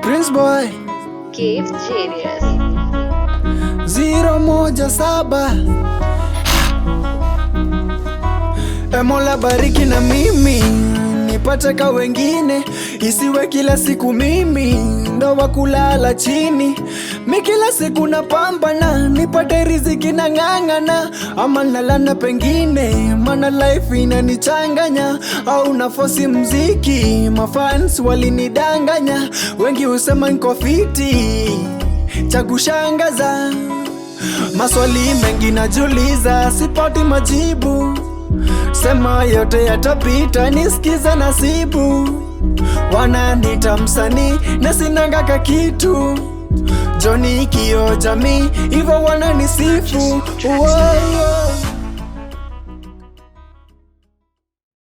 Prince Boy Cave Genius zero moja saba Mola bariki na mimi nipate ka wengine, isiwe kila siku mimi muda wa kulala chini. Mi kila siku napambana nipate riziki na ng'ang'ana, ama nalana pengine, mana life inanichanganya, au nafosi mziki, mafans walinidanganya, wengi husema nko fiti cha kushangaza. Maswali mengi najiuliza, sipati majibu Sema yote yatapita, nisikize nasibu. Wananita msanii na sinangaka kitu, Joni kio jamii, hivyo wananisifu.